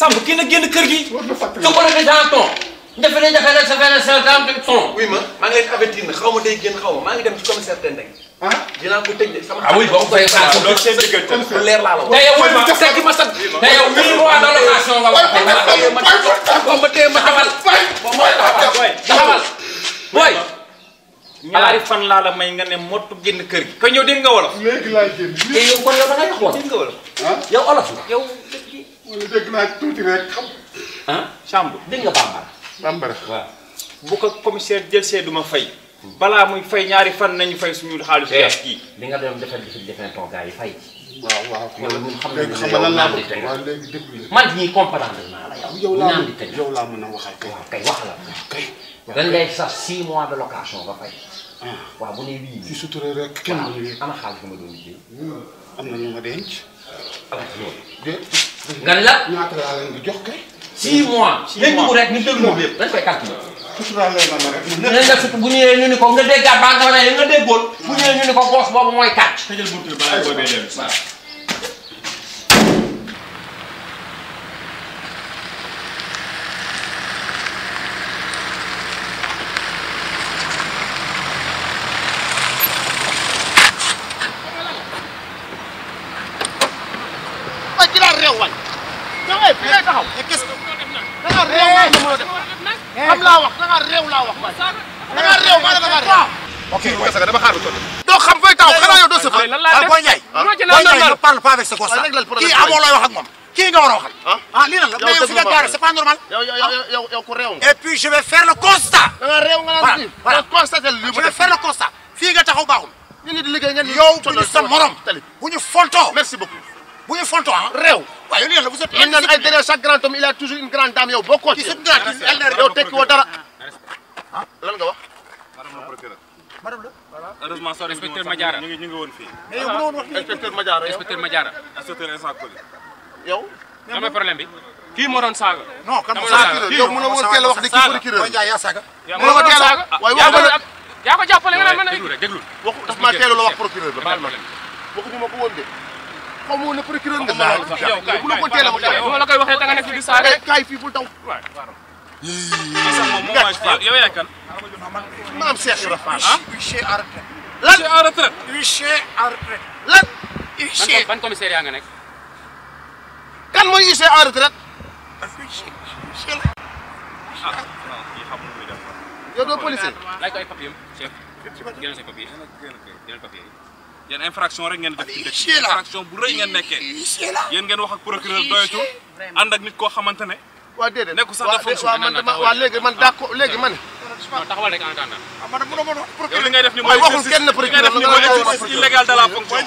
Samb kii na génn kër gi. war na fàttali ko nga jàpp ton. defe nañ defe nañ sa feneen sa temps ton. oui ma maa ngi leen avertir ne xaw ma day génn xaw ma maa ngi dem ci commissaire Tendeng. ah dinaa ko tëj de sama. ah oui boo ko defee saa loolu seen diggante lu leer laa la wax. te yow ma tekki ma sa te yow mille mois d' allocation nga wax. ma tee ma xamal. xamal booy. ñaari fan laa la may nga ne mottu génn kër gi. ko ñëw dégg nga wolof. léegi laa génn. te yow kon yow da ngay wax wolof. dégg nga wolof. yow olof la yow. wala dégg naa tuuti rek xam. ah chambre dégg nga bu ko commissaire jël see du ma fay. balaa muy fay ñaari fan nañu fay suñu xaalis yaas eh, kii. li nga doon defal ci defee ton yi fay. waaw waaw xam xam nga lan laa bëgg waaw léegi déglu man ñii comprendre naa la yow. naan di tëj kay. waaw la kay. dañ lay sax 6 mois de location ba fay. Ah. waaw bu ne wii. ci sutura rek kenn am na xaalis ma doon hmm. am na ñu ma denc. alors loolu. nga ne la ñaata laa leen di jox kay. 6 mois. 6 mois dugg rek ñu déglu lépp dañ ne nga bu ñëwee ñu ni ko nga déggaat ba nga ne nga déggoon. bu ñëwee ñu ni ko boos boobu mooy 4. reewal. dangay fii taxaw. Eh, qu'est-ce que danga réew laa mën a def. am laa wax a réew laa wax man. danga réew maa ne danga réew. ok mooy sax dama xaar lu doo xam fay taxaw xanaa yow sa ah, ah, fa. Ah. kii amoo looy wax ak moom. kii nga war a waxal. nga normal. et puis je vais faire le constat. da nga réew nga naan lii je vais faire le bu ñu sa morom. bu ñu fontoo merci beaucoup bu ñu waaye li ngeen vous êtes. ñu naan ay derrière chaque grand homme il y a toujours une grande dame yow bokkoo ci. Ah, yow tekki woo dara. ah lan nga wax. madame la voilà. heureusement soo inspecteur Madiara ñu ngi ñu ngi woon fii. mais yow bu la woon wax inspecteur Madiara inspecteur Madiara. inspecteur instant Koli. yow. lan mooy problème bi. kii moo doon saaga. non kan moo saaga kii yow mën na woon teel a wax de kii procureur. waaye yaa saaga. yaa mën a teel a waaye waxu yaa ko jàppale nga naan mën a. déglu rek déglu. waxu dafa maa teelu la wax procureur bi baal ma waxuñu ma ko woon de. xaw ma woon ne procureur nga. waaw waaw yow kaay bu la ko teel a ma taw. bu ma la koy waxee danga nekk fii di saa rek. kaay fii bul taw. waaw waaw. yow yaay kan. maam Cheikh Ibra Fall. ah huissier à retraite. lan huissier à retraite. huissier à retraite. lan huissier. ban commissaire yaa nga nekk. kan mooy huissier à retraite. ah non kii xam nga muy def. yow doo policier. laaj ko ay papiers am chef. génn say papiers génn papiers yi. yéen infraction rek ngeen def ci dëkk infraction bu rëy ngeen nekkee yéen ngeen wax ak procureur doyatu ànd ak nit koo xamante ne léegi man d'accord léegi man taxawal ah, waxul kenn procureur illégal de la fonction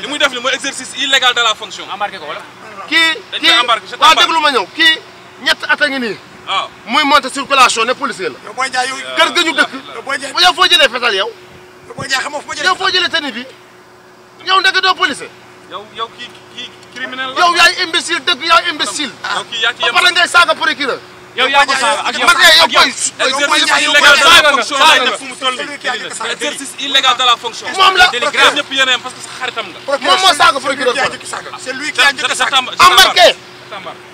li muy def ni mooy exercice illégal de la fonction embarqué ko wala kii ma ñëw kii ñett at ngi nii ah. muy monter circulation ne policier la kër ga ñu dëkk yow foo jëlee fetal yow yow foo jëlee tenue yow ndeke doo police. yow yow kii kii criminel la. yow yaay imbécile dëgg yaay imbécile. Ah. yow kii saaga procureur. yow de la fonction laay def fu mu toll nii exercice illégal de moom la a moom moo saaga procureur ah. c'est lui qui a njëkk a saaga embarqué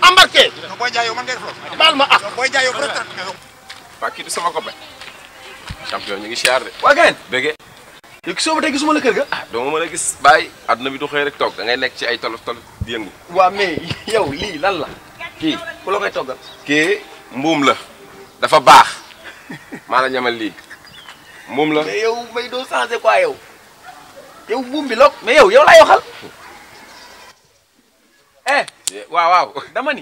embarqué. booy jaay yow man ngay baal ma ah booy jaay yow. waa kii du sama copain. champion ñu yow gisoo ma tey gisuma la kër ga. ah doo ma mën a gis bàyyi àdduna bi du xëy rek toog dangay ngay nekk ci ay tolof tolof di yëngu. waaw mais yow lii lan la. kii ku la koy toggal. kii mbuum la dafa baax maa la ñamal lii mbuum la. mais yow may doo changé quoi yow yow mbuum bi loog mais yow yow laay waxal. eh. eh waaw waaw dama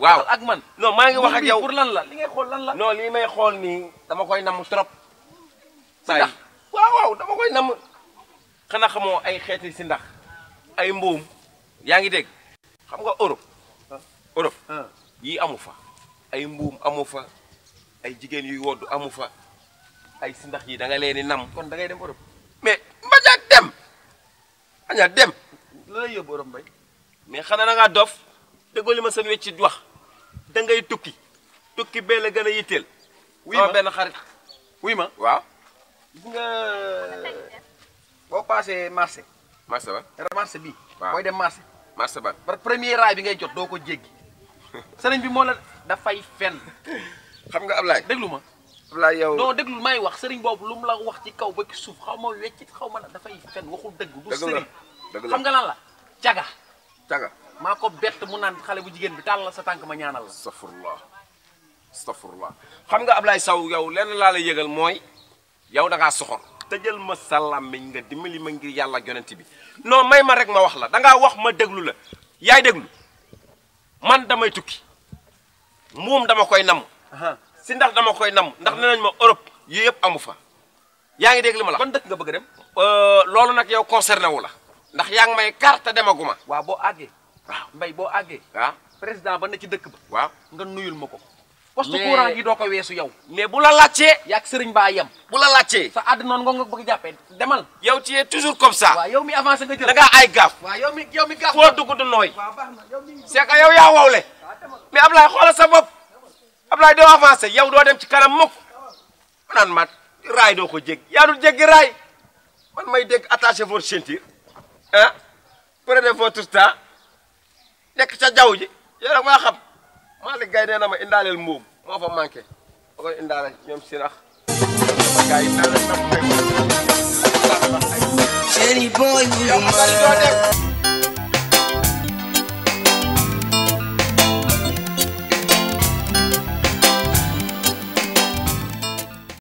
waaw ak man. non maa ngi wax ak yow pour lan la li ngay xool lan la. non lii may xool nii dama koy nam trop. saa waaw waaw dama koy nam xanaa xamoo ay xeeti si ndax ay mboom yaa ngi dégg xam nga Europe ah. Europe ah. yii amu fa ay mbuum amu fa ay jigéen yuy woddu amu fa ay si ndax yi da nga leen di nam kon da dem Europe mais mbañaat dem mbañaat dem la mais xanaa da ngaa dof déggoo li ma seen wecci wax da ngay tukki tukki bee la gën a yitteel wuy ma benn xarit wuy ma waaw gis nga euh, boo paasee marché. marché ba marché bi. waaw booy dem marché. ba par premier raay bi ngay jot doo ko jéggi. sëriñ bi moo la dafay fen xam nga Ablaye déglu ma. Ablaye yow non déglu may wax sëriñ boobu lu mu la wax ci kaw ba ci suuf xaw ma weccit xaw ma dafay fen waxul dëgg. du sëriñ xam nga lan la caga. caga maa ko bett mu naan xale bu jigéen bi tàllal sa tànk ma ñaanal la. astafurlah astafurlah xam nga Ablaye saw yow lenn laa lay yëgal mooy. yow da ngaa soxor tëjal ma sa làmmiñ nga dimbali ma ngir yàlla ak yonent bi non may ma rek ma wax la da wax ma déglu la yaay déglu man damay tukki mbuum dama koy namm si ndax dama koy namm ndax nee nañ ma Europe yii yëpp amu fa yaa ngi dégg ma la ban dëkk nga bëgg dem euh, loolu nag yow concerné wu la ndax yaa ngi may carte demaguma waa boo àggee waaw mbay boo àggee ah président ba na ci dëkk ba waaw nga nuyul ma ko poste courant gi doo ko weesu yow mais bu la laajtee yaag sëriñ baa yem bu la laajtee sa àdd noonu nga nga bëgg jàppee demal yow ci es toujours comme ça waaw yow mi avancé nga ay gaaf waaw yow mi yow mi gaaf foo dugg du nooy c'est que yow yaa wowle mais Ablaye xoolal sa bopp Ablaye doo avancé yow doo dem ci kanam mukk ma naan mat raay doo ko jég yaa dul jéggi raay man may dégg attachez votre ceinture ah prenez votre temps nekk ca jaww ji yow rek maa xam Malick Gaye nee na ma indaaleel mbuum moo fa manqué ba koy indaale ñoom sirax gars yi daal la ñu def ay ay.